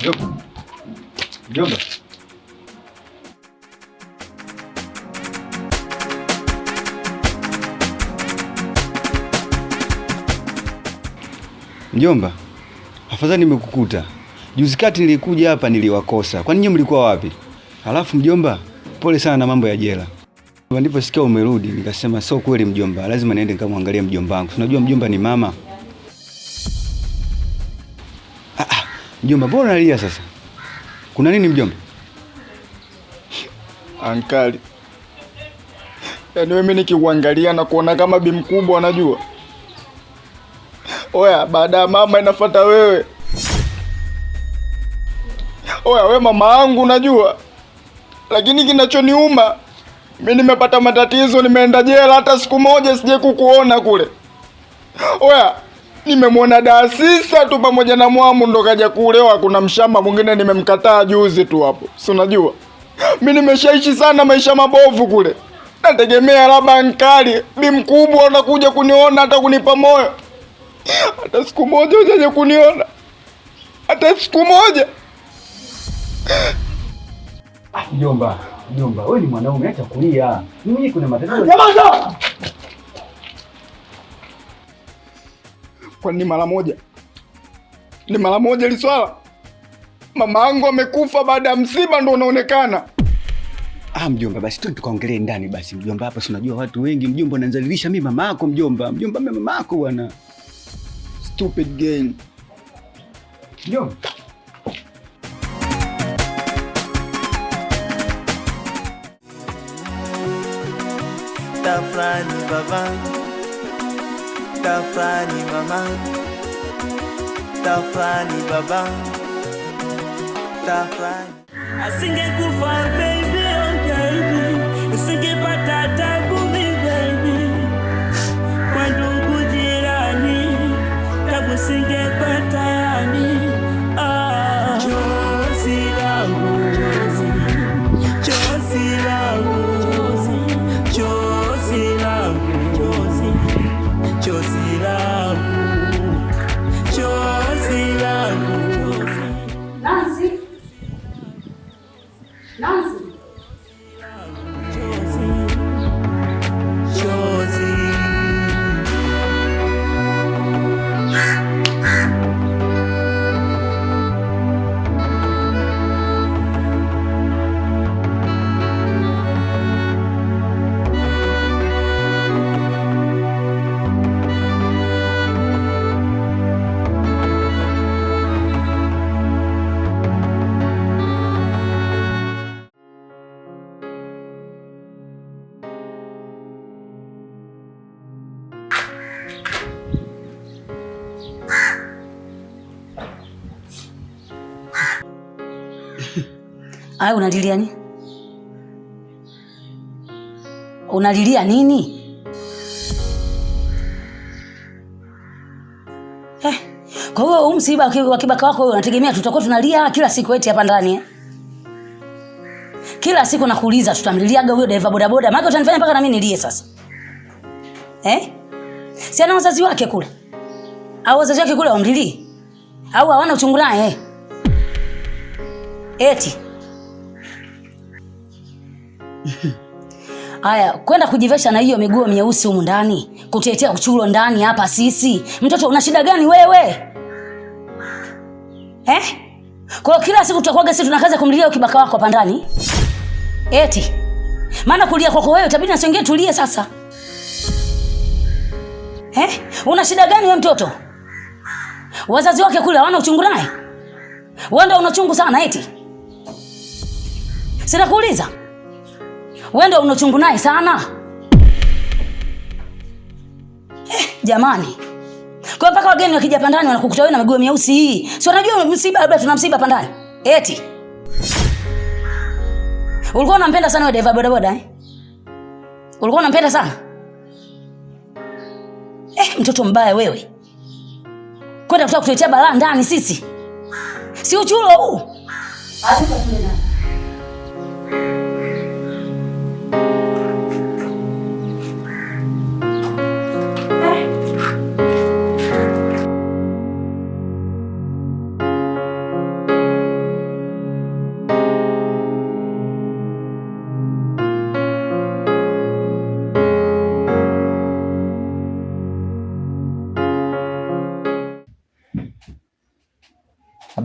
Mjomba. Mjomba, afadhali nimekukuta. Juzi kati nilikuja hapa niliwakosa. Kwa nyinyi mlikuwa wapi? Halafu mjomba, pole sana na mambo ya jela. Ndipo sikia umerudi, nikasema sio kweli mjomba, lazima niende nikamwangalia mjomba wangu. Unajua mjomba ni mama. Mjomba, mbona unalia sasa? Kuna nini mjomba? Ankali, yaani mimi nikikuangalia na kuona kama bi mkubwa anajua. Oya, baada ya mama inafuata wewe. Oya, we mama yangu unajua, lakini kinachoniuma mi nimepata matatizo, nimeenda jela, hata siku moja sije kukuona kule. Oya nimemwona daasisa tu pamoja na mwamu ndo kaja kuulewa. Kuna mshamba mwingine nimemkataa juzi tu hapo, si unajua mi nimeshaishi sana maisha mabovu kule, nategemea labda nkali bi mkubwa anakuja kuniona hata kunipa moyo. Hata siku moja ujaje kuniona hata siku moja. Ah, mjomba, mjomba, wewe ni mwanaume, acha kulia. Mimi kuna matatizo. jamaa. kwa ni mara moja? Ni mara moja ili swala? Mama yangu amekufa, baada ya msiba ndo unaonekana. Ah, mjomba, basi tu tukaongelee ndani basi mjomba. Hapa si unajua watu wengi mjomba, unanizalilisha mimi mama yako mjomba. Mjomba mimi mama yako bwana. Stupid game. Mjomba. Tafrani baba tafani mama, tafani baba, tafani. Asingekufa baby, tabu singe Wewe unalilia nini? Unalilia nini? Eh, kwa hiyo huu msiba wa kibaka wako unategemea tutakuwa tunalia kila siku eti hapa ndani eh? Kila siku nakuuliza tutamliliaga huyo dereva bodaboda, maana utanifanya mpaka na mimi nilie sasa. Eh? Si ana wazazi wake kule. Au wazazi wake kule wamlilii? Au hawana uchungu naye? Eh? Eti Haya, kwenda kujivesha na hiyo miguo myeusi humu ndani, kutetea uchulo ndani hapa sisi. Mtoto una shida gani wewe eh? Kwa kila siku tutakuwaga sisi tunakaza kumlilia ukibaka wako hapa ndani eti, maana kulia kwako wewe itabidi nasiongee, tulie sasa eh? Una shida gani wewe mtoto? Wazazi wake kule hawana uchungu naye, wewe ndio una uchungu sana eti, sinakuuliza wewe ndio unochungu naye sana eh, jamani. Kwa mpaka wageni wakija Pandani wanakukuta wewe na miguu meusi hii. Si wanajua msiba, labda tuna msiba Pandani. Eti ulikuwa unampenda sana wewe dereva bodaboda eh? Ulikuwa unampenda sana eh, mtoto mbaya wewe, kwenda kutaka kutuletea balaa ndani sisi, si uchulo huu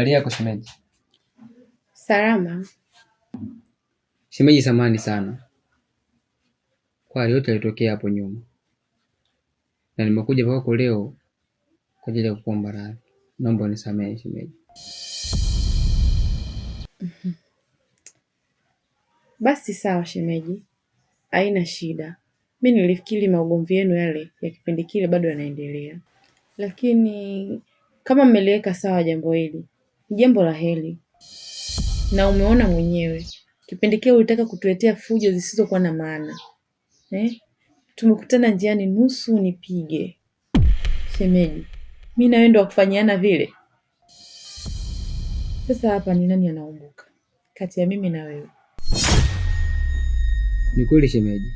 Habari yako shemeji? Salama shemeji. Samani sana kwa yote alitokea hapo nyuma, na nimekuja kwako leo kwa ajili ya kukuomba radhi. Naomba unisamehe shemeji. Basi sawa shemeji, haina shida. Mi nilifikiri maugomvi yenu yale ya kipindi kile bado yanaendelea, lakini kama mmeliweka sawa jambo hili, ni jambo la heri, na umeona mwenyewe kipindi kile ulitaka kutuletea fujo zisizokuwa na maana eh? Tumekutana njiani, nusu nipige shemeji, mi nawe ndo wakufanyiana vile. Sasa hapa ni nani anaumbuka kati ya mimi na wewe? Ni kweli shemeji,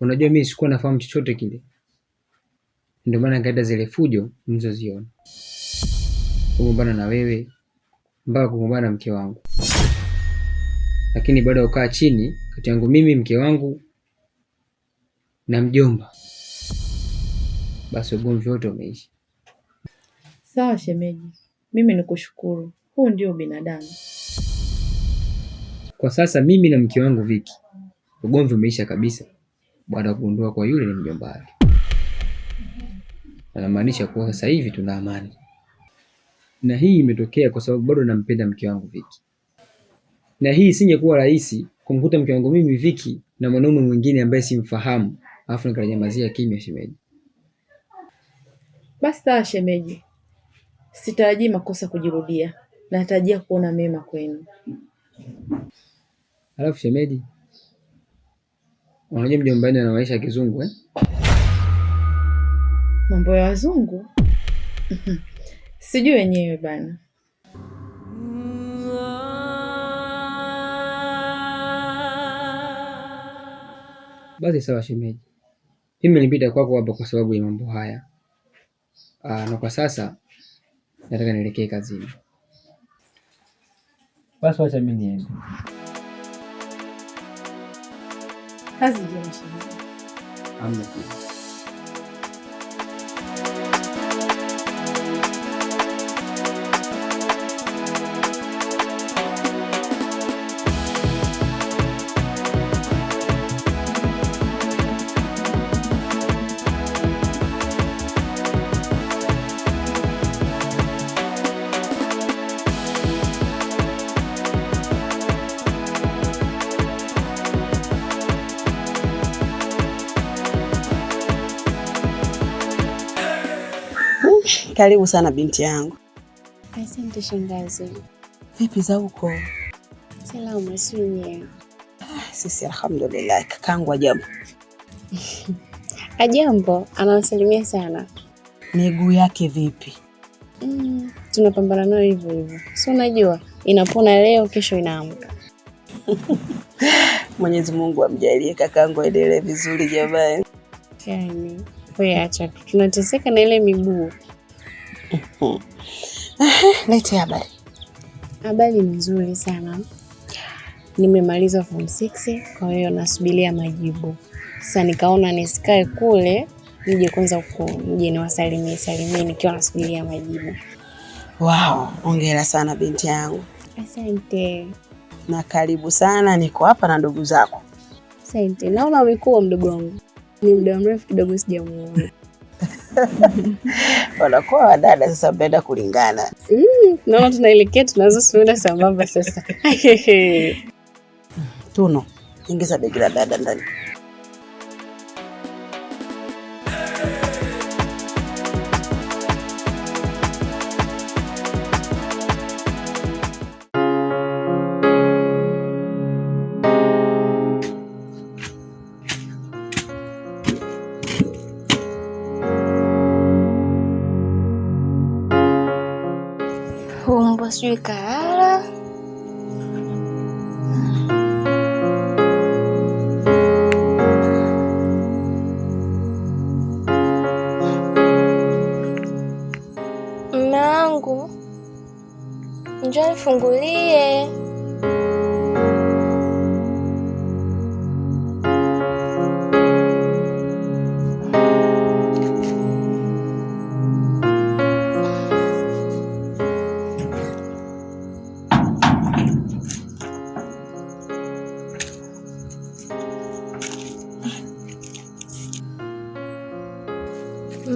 unajua mimi sikuwa nafahamu chochote kile, ndio maana nikaenda zile fujo mlizoziona kugombana na wewe mpaka kugombana na mke wangu, lakini baada ya chini kati yangu mimi, mke wangu na mjomba, basi ugomvi wote umeisha. Sawa shemeji, mimi ni kushukuru Huu ndio binadamu. Kwa sasa mimi na mke wangu Viki ugomvi umeisha kabisa, baada ya kugundua kwa yule ni mjomba wake. Anamaanisha kuwa sasa hivi tuna amani na hii imetokea kwa sababu bado nampenda mke wangu Viki, na hii kuwa rahisi kumkuta mke wangu mimi Viki na mwanaume mwingine ambaye simfahamu, alafu nikanyamazia kimya. Shemeji, basi sawa shemeji, sitarajii makosa kujirudia, natarajia kuona mema kwenu. Alafu shemeji, unajua mjombani ana maisha ya kizungu eh? mambo ya wazungu sijui wenyewe bana. Basi sawa shemeji, mimi nilipita kwako hapa kwa sababu ya mambo haya. Aa, ah, na kwa sasa nataka nielekee kazini. Basi wacha mimi niende. Kazi njema shemeji. Amna. Karibu sana binti yangu. Asante shangazi. Vipi za huko? Salama, si wenyewe? Ah, sisi alhamdulillah. Kakangu ajambo? Ajambo, anawasalimia sana. Miguu yake vipi? Mm, tunapambana nayo hivyo hivyo, si unajua inapona leo, kesho inaamka. Mwenyezi Mungu amjalie kakangu aendelee vizuri jamani. Yaani, acha tunateseka na ile miguu Leti habari. Habari ni nzuri sana. Nimemaliza form 6 kwa hiyo nasubiria majibu. Sasa nikaona nisikae kule, nije kwanza huko nije niwasalimie salimie nikiwa nasubiria majibu. Wow, hongera sana binti yangu. Asante. Na karibu sana, niko hapa na ndugu zako. Asante. Naona umekuwa mdogo wangu. Ni muda mrefu kidogo sijamuona. wanakuwa wadada sasa, mnaenda kulingana. Mm, naona tunaelekea tunaanza kuenda sambamba sasa. Tuno, ingiza begi la dada ndani. sijui kahala mmewangu, njoo nifungulie.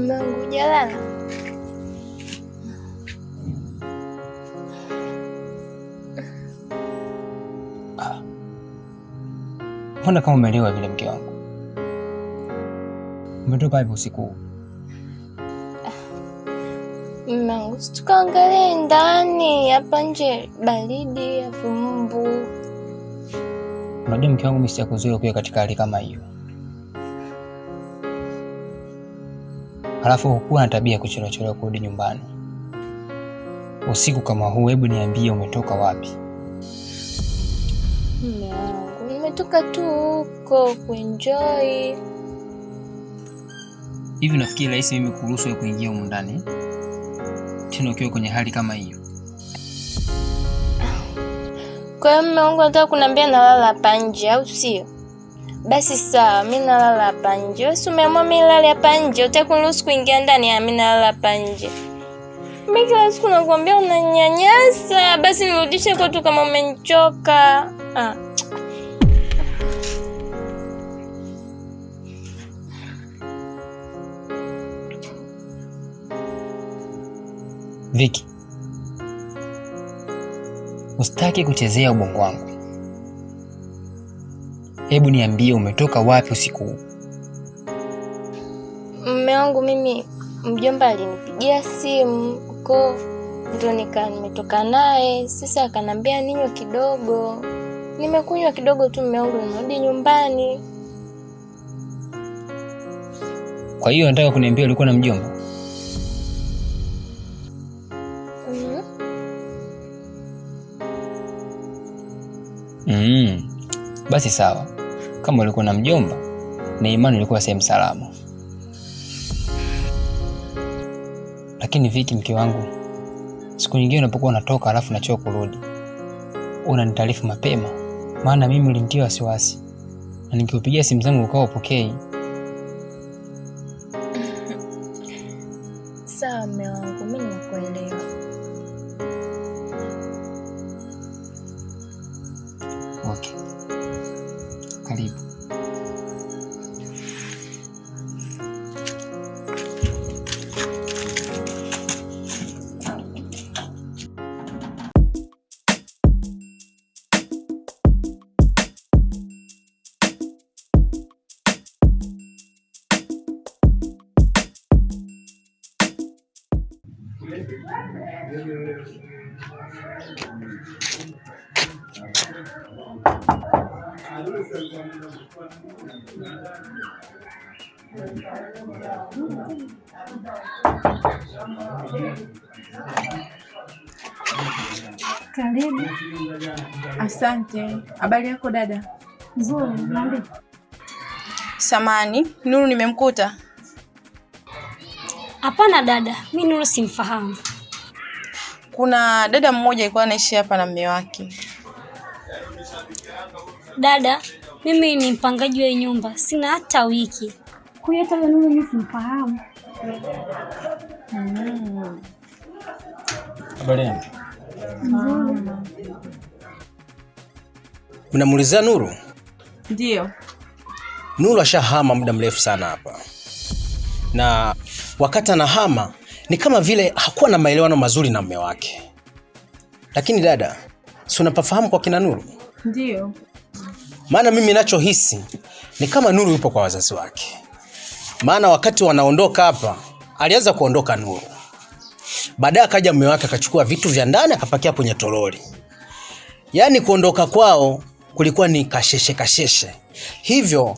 Mamangu hujalala? Mbona kama umelewa vile, mke wangu? Umetoka hapo usiku huu? Mamangu, situkaangalie ndani, hapa nje baridi, ya vumbu. Unajua mke wangu, mimi kuwa katika hali kama hiyo Halafu hukuwa na tabia kuchelewa kurudi nyumbani. Usiku kama huu, hebu niambie umetoka wapi? Mume wangu, nimetoka tu huko kuenjoy. Hivi nafikiri rahisi mimi kuruhusu kuingia humu ndani tena ukiwa kwenye hali kama hiyo? Kwa hiyo mume wangu, anataka kuniambia nalala hapa nje, au sio? Basi sawa, mi nalala hapa nje. Wewe umeamua mi nilale hapa nje, utakuruhusu kuingia ndani ya ah, mi nalala hapa nje? Mi kila siku nakuambia unanyanyasa. Basi nirudishe kwetu kama umenichoka. Ah. Viki, usitaki kuchezea ubongo wangu Hebu niambie umetoka wapi usiku huu? Mume wangu mimi, mjomba alinipigia simu ko ndo nika nimetoka naye. Sasa akanambia ninywe kidogo, nimekunywa kidogo tu mume wangu, nimerudi nyumbani. Kwa hiyo nataka kuniambia ulikuwa na mjomba? mm. Mm. Basi sawa kama ulikuwa na mjomba, na imani ulikuwa sehemu salama. Lakini Viki, mke wangu, siku nyingine unapokuwa unatoka alafu nachoka kurudi, unanitaarifu mapema, maana mimi ulinitia wasiwasi, na nikiupigia simu zangu ukawa upokei Karibu. Asante. Habari yako dada? Nzuri. Nambi. Samani, Nuru nimemkuta? Hapana dada, mi Nuru simfahamu. Kuna dada mmoja alikuwa anaishi hapa na mume wake. Dada, mimi ni mpangaji wa nyumba, sina hata wiki. Huyu hata nyumba mimi simfahamu. Habari. Nuru? Ndio. Nuru ashahama muda mrefu sana hapa, na wakati anahama ni kama vile hakuwa na maelewano mazuri na mume wake. Lakini dada, si unapafahamu kwa kina Nuru? Ndio. Maana mimi nachohisi ni kama Nuru yupo kwa wazazi wake, maana wakati wanaondoka hapa alianza kuondoka Nuru, baadaye akaja mume wake akachukua vitu vya ndani akapakia kwenye toroli. Yaani kuondoka kwao kulikuwa ni kasheshe kasheshe hivyo.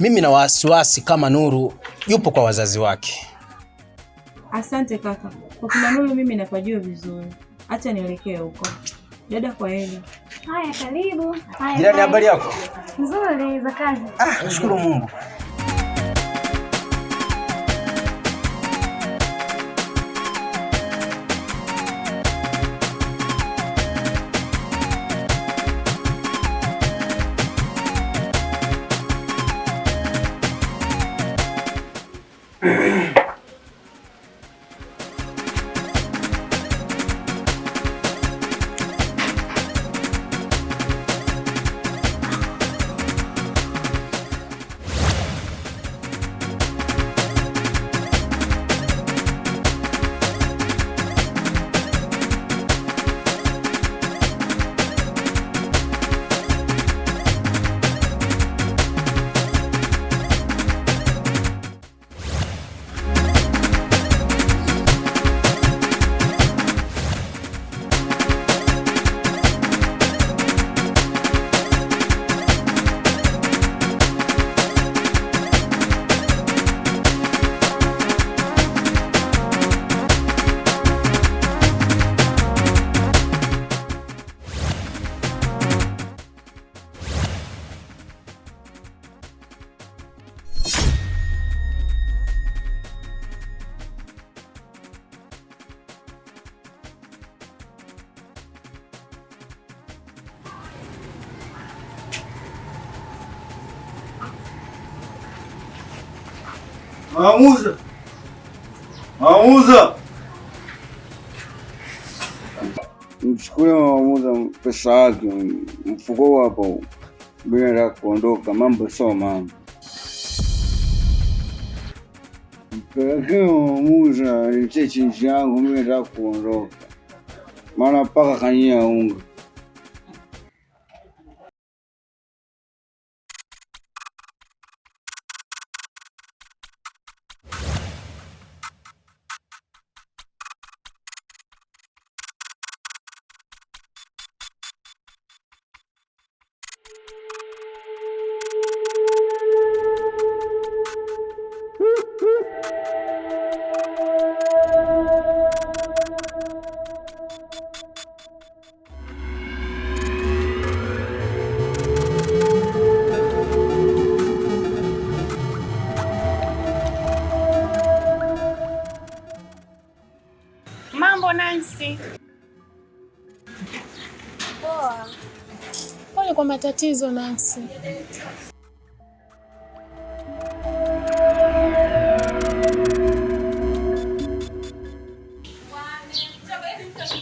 Mimi na wasiwasi kama Nuru yupo kwa wazazi wake. Asante kaka, kwa kuna Nuru mimi napajua vizuri, acha nielekee huko. Dada kwa heri. Haya, karibu. Jirani, habari yako? Nzuri, za kazi. Ah, nashukuru Mungu. usahaki mfuko hapo bila kuondoka, mambo sio mambo. Mpelekea muuza nitie chinji yangu, nataka kuondoka, maana mpaka kanyia unga Vipi? Poa. Pole kwa matatizo Nancy.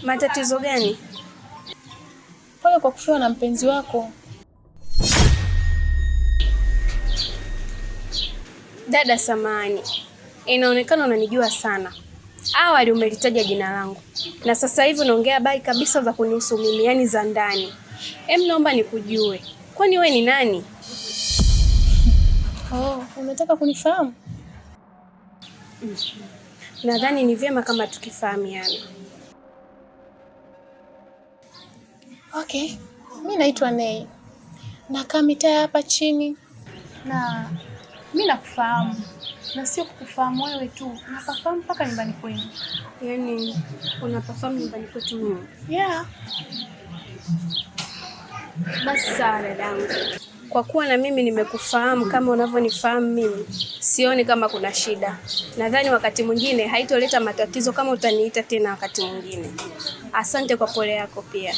Matatizo gani? Pole kwa kufiwa na mpenzi wako. Dada samani, inaonekana unanijua sana. Awali umelitaja jina langu, na sasa hivi unaongea habari kabisa za kunihusu mimi, yani za ndani. Em, naomba nikujue, kwani we ni nani? Oh, unataka kunifahamu? mm -hmm. Nadhani ni vyema kama tukifahamiana. Okay, mi naitwa Nei, nakaa mitaa hapa chini na mi nakufahamu na sio kukufahamu wewe tu, napafahamu mpaka nyumbani kwenu. Yaani unapafahamu nyumbani kwetu mimi? Yeah. Basi sawa dadangu, kwa kuwa na mimi nimekufahamu kama unavyonifahamu mimi, sioni kama kuna shida. Nadhani wakati mwingine haitoleta matatizo kama utaniita tena wakati mwingine. Asante kwa pole yako pia.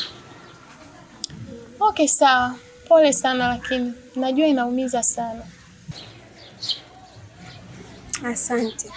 Okay, sawa. Pole sana, lakini najua inaumiza sana. Asante.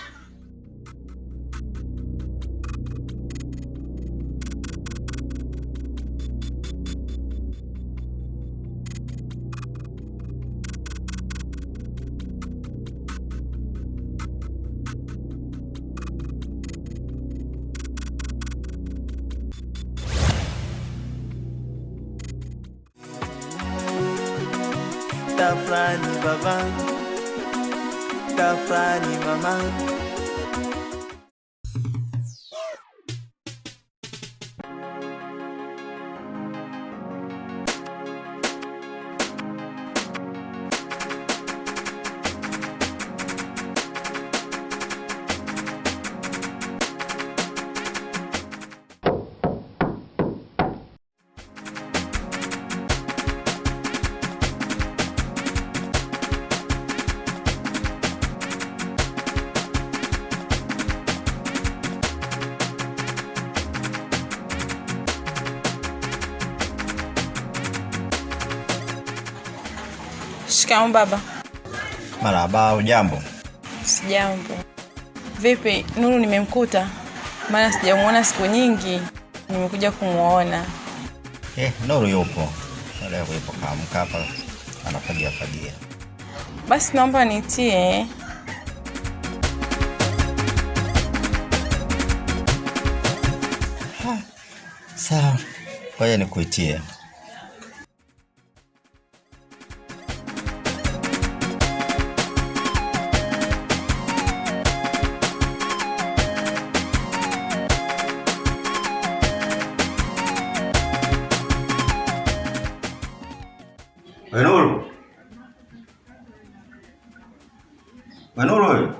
baba. Marahaba, hujambo? Sijambo. Vipi Nuru, nimemkuta? Maana sijamuona siku nyingi, nimekuja kumuona. Eh, Nuru yupo leo, yupo kaamka hapa anafagia fagia. Basi naomba nitie ah, sawa. Ngoja nikuitie. Benul. Benul,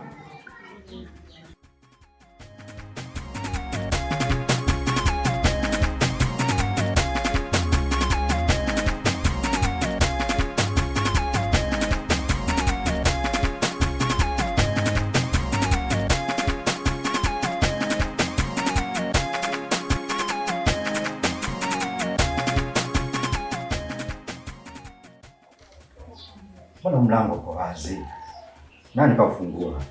那你告诉我。了。